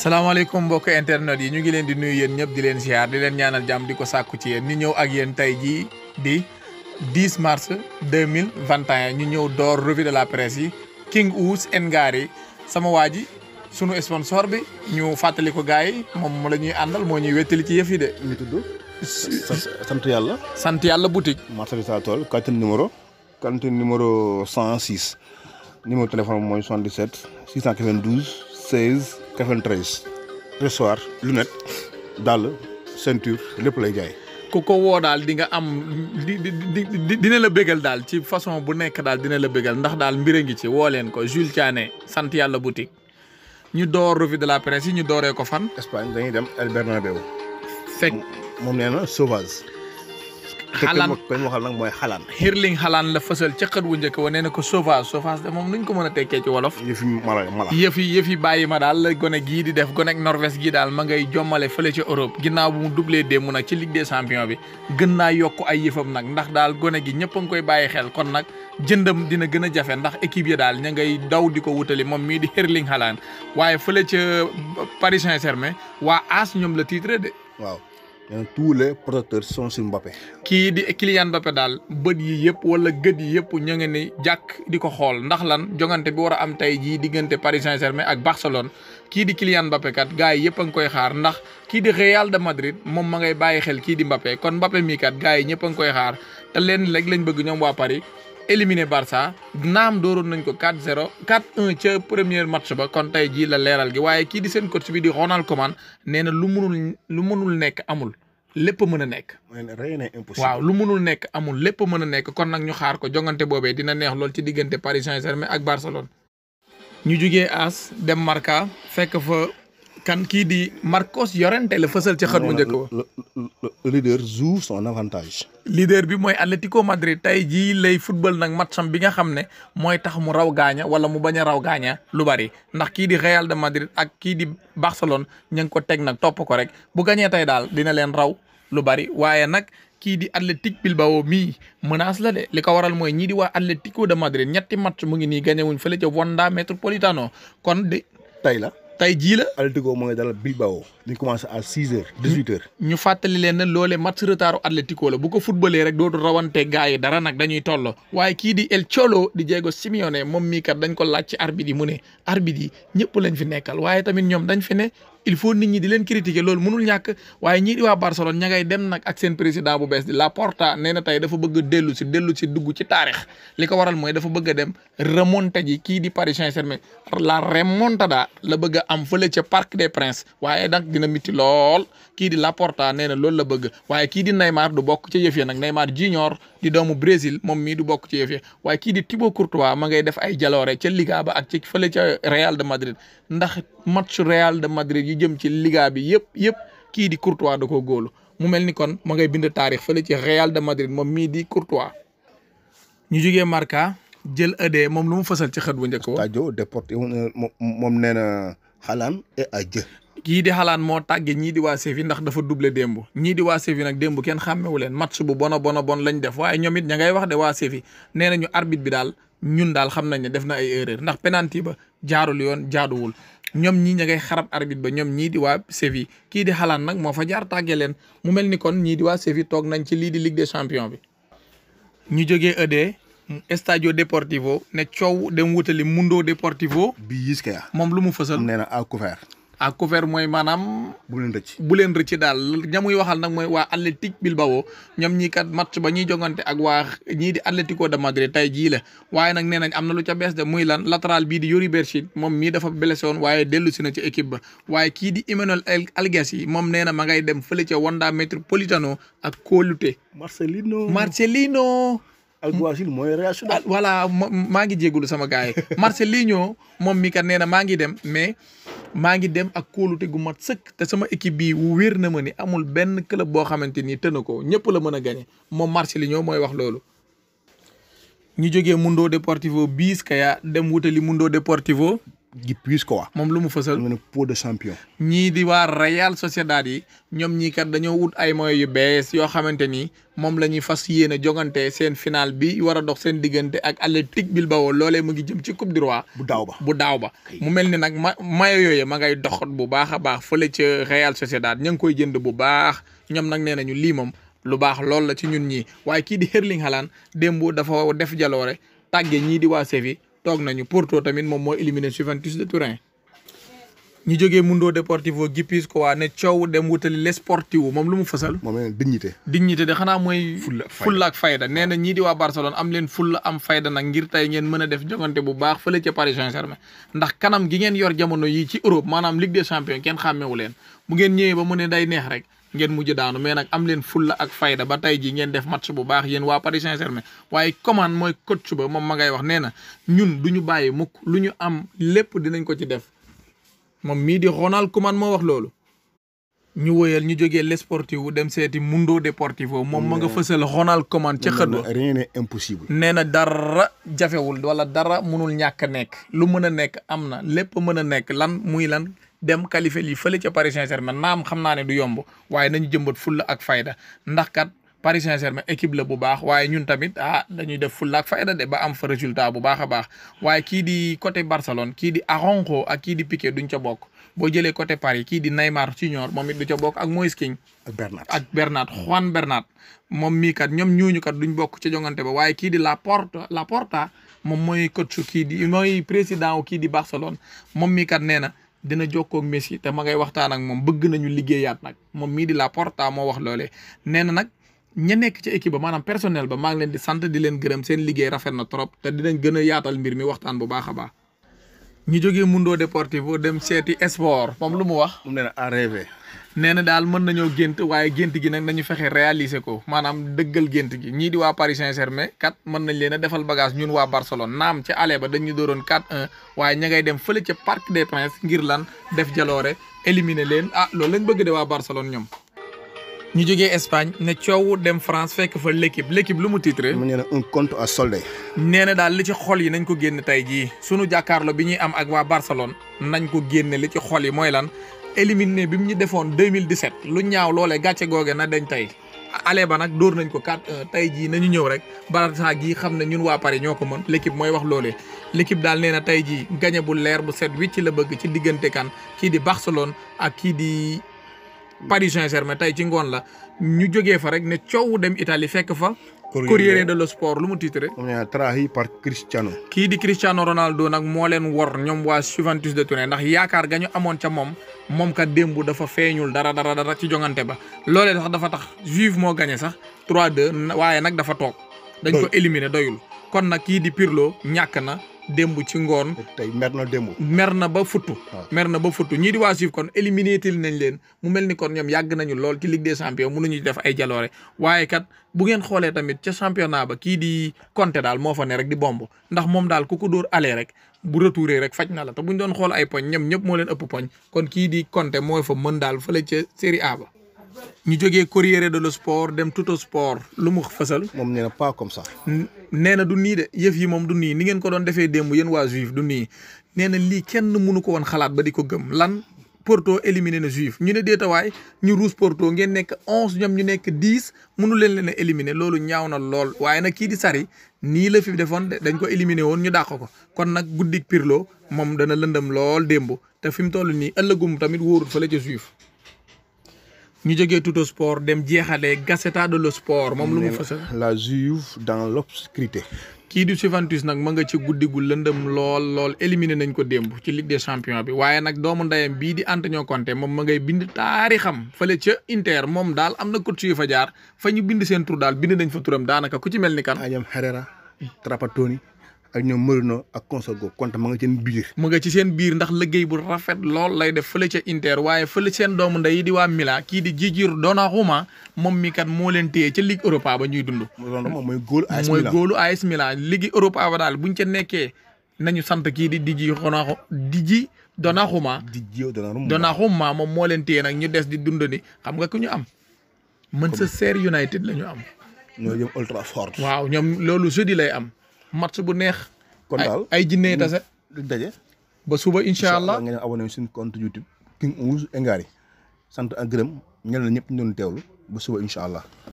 salaamaaleykum mbokk internet yi ñu ngi leen di nuyu yéen ñëpp di leen siyaar di leen ñaanal jàmm di ko sàkku ci yéen ni ñëw ak yéen tey jii di 10 mars 2021 ñu ñëw door revue de la presse yi King Ouse Ngary sama waa ji sunu sponsor bi ñu fàttali ko gars yi moom mu la ñuy àndal moo ñuy wettali ci yëf yi de. ñu tudd sant yàlla. sant yàlla boutique. marché Richard Toll cantine numéro. cantine numéro 106. numéro téléphone mooy 77 692 16. 93 accessoires lunettes dall ceinture lépp lay jaay. ku ko woo daal di nga am di di dina la bégal daal ci façon bu nekk daal dina la bégal ndax daal mbir a ngi ci woo leen ko Jules Thiané sant yàlla boutique ñu door revue de la presse yi ñu dooree ko fan. Espagne dañuy dem El Bernabéu. fekk moom nee na sauvage. xalaan koy mooy xalaan xalaan la fësal ca xët njëkk wa nee na ko sauvage sauvage de moom nuñ ko mën a tekkee ci wolof yëf yi mala mala bàyyi ma daal la gone gii di def gone ak Norvège gii daal ma ngay jommale fële ca Europe ginnaaw bu mu doublé démb nag ci Ligue des champions bi gën naa yokk ay yëfam nag ndax daal gone gi ñëpp a ngi koy bàyyi xel kon nag jëndam dina gën a jafe ndax équipe yi daal ña ngay daw di ko wutali moom mii di xirling xalaan waaye fële ca Paris Saint-Germain waa AS ñoom la titre de waaw tous les protecteurs sont sur Mbappé. kii di Kylian Mbappé daal bët yi yëpp wala gët yi yëpp ña ngeen ni jàkk di ko xool ndax lan jongante bi war a am tey jii diggante Paris Saint-Germain ak Barcelone kii di Kylian Mbappé kat yi yëpp a ngi koy xaar ndax kii di Real de Madrid moom ma ngay bàyyi xel kii di Mbappé kon Mbappé mii kat gars yi ñëpp a nga koy xaar te leen rek lañ bëgg ñoom waa Paris. éliminé Barça naam dooroon nañ ko 4-0 4-1 ca premier match ba kon tey jii leeral gi waaye kii di seen coach bi di Ronald Koeman nee na lu munul lu munul nekk amul lépp mën a nekk. waaw lu munul nekk amul lépp mën a nekk kon nag ñu xaar ko jongante boobee dina neex lool ci diggante Paris Saint-Germain ak Barcelone. ñu jugee As dem fekk fa. kan kii di Marcos Llorente la fësal ci xët mu njëkk ba. le leader joue son avantage. leader bi mooy Atlético Madrid tey jii lay football nag matcham bi nga xam ne mooy tax mu raw gaaña wala mu bañ a raw gaaña lu bari ndax kii di Real de Madrid ak kii di Barcelone ñu ngi ko teg nag topp ko rek bu gañee tey daal dina leen raw lu bari waaye nag. kii di Athletic Bilbao mii menace la de li ko waral mooy ñii di waa Atlético de Madrid ñetti match mu ngi nii gagné wuñ fële ca Wanda Metropolitano kon di tey la tey jii la. Atlético mooy dalal Bilbao. ñu commencé à six heures dix-huit heures. ñu fàttali leen ne loole match retardu Atlético la bu ko futbalee rek dootul rawante gars yi dara nag dañuy tollo waaye kii di El Cholo di Diego Simeone moom mii kat dañ ko laaj ci arbitre yi mu ne arbitre yi ñëpp lañ fi nekkal waaye tamit ñoom dañ fi ne il faut nit ñi di leen critiquer loolu mënul ñàkk waaye ñii di waa Barcelone ña dem nag ak seen président bu bees di Laporta nee na tey dafa bëgg dellu si dellu si dugg ci taarix li ko waral mooy dafa bëgg dem remonté ji kii di Paris saint la la da la bëgg a am fële ca Parc des Princes waaye nag dina miti lool kii di Laporta nee na loolu la bëgg waaye kii di Neymar du bokk ca yëf ya nag Neymar junior di doomu moom mii du bokk ci yëf yi waaye kii di Thibaut Courtois ma def ay jaloore ca Liga ba ak ci fële ca Real de Madrid ndax match Real de Madrid yu jëm ci Liga bi yëpp yëpp kii di Courtois da ko góolu mu mel ni kon ma ngay bind taarix fële ci Real de Madrid moom mii di Courtois. ñu jugee marka jël ëdee moom lu mu fësal ci xët bu njëkk ba. Deportivo moom nee na xalaan kii di xalaan moo tàgge ñii di waa ndax dafa doublé démb ñii di waa Séville nag démb kenn xàmmewu leen match bu bona bona bon lañ def waaye ñoom it ña ngay wax de waa Séville nee nañu arbitre bi daal ñun daal xam nañ ne def na ay erreur ndax penalty ba jaarul yoon jaaduwul ñoom ñii ña ngay xarab arbitre ba ñoom ñii di waa Séville kii di xalaan nag moo fa jaar tàgge leen mu mel ni kon ñii di waa Séville toog nañ ci lii di Ligue des bi ñu jógee ED Estadio Deportivo ne coow dem wutali Mundo Deportivo. bi Yiskeya moom lu mu fësal nee na à couvert à couvert mooy maanaam. bu leen rëcc bu leen daal ña muy waxal nag mooy waa Athletic Bilbao ñoom ñii kat match ba ñuy jongante ak waa ñii di Atlético de Madrid tey jii la waaye nag nee nañ am na lu ca bees de muy lan latéral bii di Youri moom mii dafa blessé woon waaye dellu si na ci équipe ba waaye kii di Imanol Alguacil moom nee na ma ngay dem fële ca Wanda Metropolitano ak Koulouté. Marcelino Marcelino. Alguacil mooy Real ah, Sociedad. voilà maa ngi jégalu sama gars yi Marcelino moom mii kat nee na maa ngi dem mais. maa ngi dem ak kóolute gu mat sëkk te sama équipe bii wér na ma ni amul benn club boo xamante ni tëna ko ñëpp la mën a gañe moom Marcelinho mooy wax loolu. ñu jógee Mundo Deportivo bis kaya dem wutali Mundo Deportivo ji plus quoi. moom lu mu fësal mu ne pot de champion. ñii di waa Real Sociedad yi ñoom ñii kat dañoo wut ay moyens yu bees yoo xamante ni moom la ñuy fas yéene jogante seen final bi war a dox seen diggante ak Athletic Bilbao loole mu ngi jëm ci coupe du roi. bu daaw ba bu daaw ba. mu mel ni nag ma mayo yooyu ma ngay doxat bu baax a baax fële ca Real Sociedad ña ngi koy jënd bu baax ñoom nag nee ñu lii moom. lu baax loolu la ci ñun ñi waaye kii di Erling Haaland démb dafa def toog nañu Porto tamit moom moo éliminé Juventus de Turin ñu jógee Mundo Deportivo Gipis ko waa ne cow dem wutali Les Sportivo moom lu mu fasal moom la dignité. dignité de xanaa mooy. fulla ak fayda nee na ñii di waa Barcelone am leen fulla am fayda nag ngir tey ngeen mën a def jogante bu baax fële ca Paris Saint-Germain ndax kanam gi ngeen yor jamono yi ci Europe maanaam Ligue des champions kenn xàmmewu leen bu ngeen ñëwee ba mu ne day neex rek. ngeen mujj daanu mais nag am leen fulla ak fayda ba tey ji ngeen def match bu baax yenn waa Paris Saint-Germain waaye commande mooy coach ba moom ma ngay wax nee na ñun du ñu bàyyi mukk lu ñu am lépp dinañ ko ci def moom mii di Ronald Koeman moo wax loolu. ñu woyal ñu jógee le sportifs wu dem seeti Mundo Deportivo moom ma nga fësal Ronald Koeman ca xët ba rien n'est impossible. nee na dara jafewul wala dara mënul ñàkk a nekk lu mën a nekk am na lépp mën a nekk lan muy lan. dem qualifier lii fële ca Paris Saint-Germain naam xam naa ne du yomb waaye nañu jëmbat fulla ak fayda ndax kat Paris Saint-Germain équipe la bu baax waaye ñun tamit ah dañuy def fulla ak fayda de ba am fa résultat bu baax a baax waaye kii di côté Barcelone kii di Aronjo ak kii di Piqué duñ ca bokk boo jëlee côté Paris kii di Neymar Junior moom it du ca bokk ak Moise Kean ak Bernat ak Bernat Juan Bernat moom mii kat ñoom ñooñu kat duñ bokk ci jongante ba waaye kii di Laporta Laporta moom mooy coach kii di mooy président kii di Barcelone moom mii kat nee na. dina jokkoo ak Messi te ma ngay waxtaan ak moom bëgg nañu liggéeyaat nag moom mii di Laporta moo wax loole nee na nag ña nekk ci équipe ba maanaam personnel ba maa ngi leen di sant di leen gërëm seen liggéey rafet na trop te dinañ gën a yaatal mbir mi waxtaan bu baax a baax. ñu jógee Mundo Deportivo dem seeti Esport moom lu mu wax. mu ne la nee na daal mën nañoo gént waaye gént gi nag nañu fexe réaliser ko maanaam dëggal gént gi ñii di waa Paris Saint-Germain kat mën nañ leen a defal bagage ñun waa Barcelone naam ca ale ba dañu dooroon 4-1 waaye ña ngay dem fële ca Parc des Princes ngir lan def jaloore éliminer leen ah loolu lañ bëgg de waa Barcelone ñoom. ñu jógee Espagne ne coow dem France fekk fa l'équipe l'équipe lu mu titré. mu nee na un compte à daal li ci xol yi nañ ko génn tey jii suñu jàkkaarloo bi ñuy am ak waa Barcelone nañ ko génne li ci xol yi mooy lan éliminé bi mu ñu defoon 2017 lu ñaaw loole gàcce googe na dañ tey ale ba nag dóor nañ ko 4 euh, tey jii nañu ñëw rek Barça gii xam na ñun waa Paris ñoo ko mën l'équipe mooy wax loole l'équipe daal nee na tey jii gañe bu leer bu set wicc la bëgg ci diggante kan kii di Barcelone ak kii di Paris Saint-Germain tey ci ngoon la ñu jóge fa rek ne coow dem Italie fekk fa Corriere dello Sport lu mu titré. trahi par Cristiano. kii di Cristiano Ronaldo nag moo leen wor ñoom waa Juventus de Turin ndax yaakaar ga ñu amoon ca moom moom ka démb dafa feeñul dara dara dara ci jongante ba loolee sax dafa tax Juve moo gagné sax 3-2 waaye nag dafa toog. dañ ko éliminer doyul kon nag kii di Pirlo ñàkk na. démb ci ngoon. tey mer na démb. mer na ba futtu. Ah. mer na ba futtu ñii di waa suuf kon éliminé til nañ leen mu mel ni kon ñoom yàgg nañu lool ci Ligue mun champions mënuñu def ay jaloore waaye kat bu ngeen xoolee tamit ca championnat ba kii di Conte daal moo fa ne rek di bomb ndax moom daal ku ko dóor alee rek bu retouré rek faj na la te ñu doon xool ay poñ ñoom ñëpp moo leen ëpp poñ kon kii di Conte moo fa mën daal fële ca Série A ba. ñu jógee Corriere dello Sport dem Tutto Sport lu mu fësal. moom nee na pas comme ça. nee na du nii de yëf yi moom du nii ni ngeen ko doon defee démb yéen waa Juif du nii nee na lii kenn mënu ko woon xalaat ba di ko gëm lan Porto éliminé na Juif ñu ne déetawaay ñu ruus Porto ngeen nekk onze ñoom ñu nekk dix mënu leen leen a éliminé loolu ñaaw na lool waaye nag kii di sari nii la fi defoon dañ ko éliminé woon ñu dàq ko kon nag guddik Pirlo moom dana lëndam lool démb te fi mu toll nii ëllëgum tamit wóorul fële ca Juif. ñu jógee Tuto Sport dem jeexalee Gazzetta dello Sport moom lu mu fësal. la Juve dans l'obscurité. kii di Juventus nag ma nga ci guddi gu lëndëm lool lool éliminé nañ ko démb ci Ligue des champions bi waaye nag doomu ndeyam bii di Antonio Conte moom ma ngay bind taarixam fële ca Inter moom daal am na coach yu fa jaar fa ñu bind seen tur daal bind nañ fa turam daanaka ku ci mel ni kan. Ayam Herrera Trapattoni. ak ñoom Marino ak Consago Konte ma nga seen biir. mu nga ci seen biir ndax liggéey bu rafet lool lay def fële ca Inter di di Gigio Donnarumma moom mi kat moo leen téye ca Ligue Europa ba ñuy dund. mooy góolu AS Milan mooy góolu AS Milan Europa ba daal buñ nekkee nañu sant kii di Gigio Donnarumma Donnarumma Donnarumma moom moo nag ñu des di dund ni xam nga ku ñu am. Manchester United la ñu am. ñoo jëm Old Trafford. waaw loolu jeudi lay am. match bu neex. kon daal ay jinne tase. Mm, daje ba suba incha allah nga abonné suñu compte YouTube King Ouse Ngary sant ak gërëm la ñëpp ñu doon teewlu ba suba incha allah.